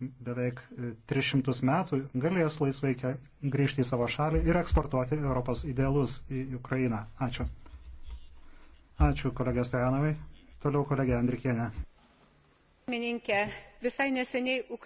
beveik 300 e, metų galės laisvai grįžti į savo šalį ir eksportuoti Europos idealus į Ukrainą. Ačiū. Ačiū kolegė Stojanovai. Toliau kolegė Andrikienė. Mininkė, visai neseniai Ukraina.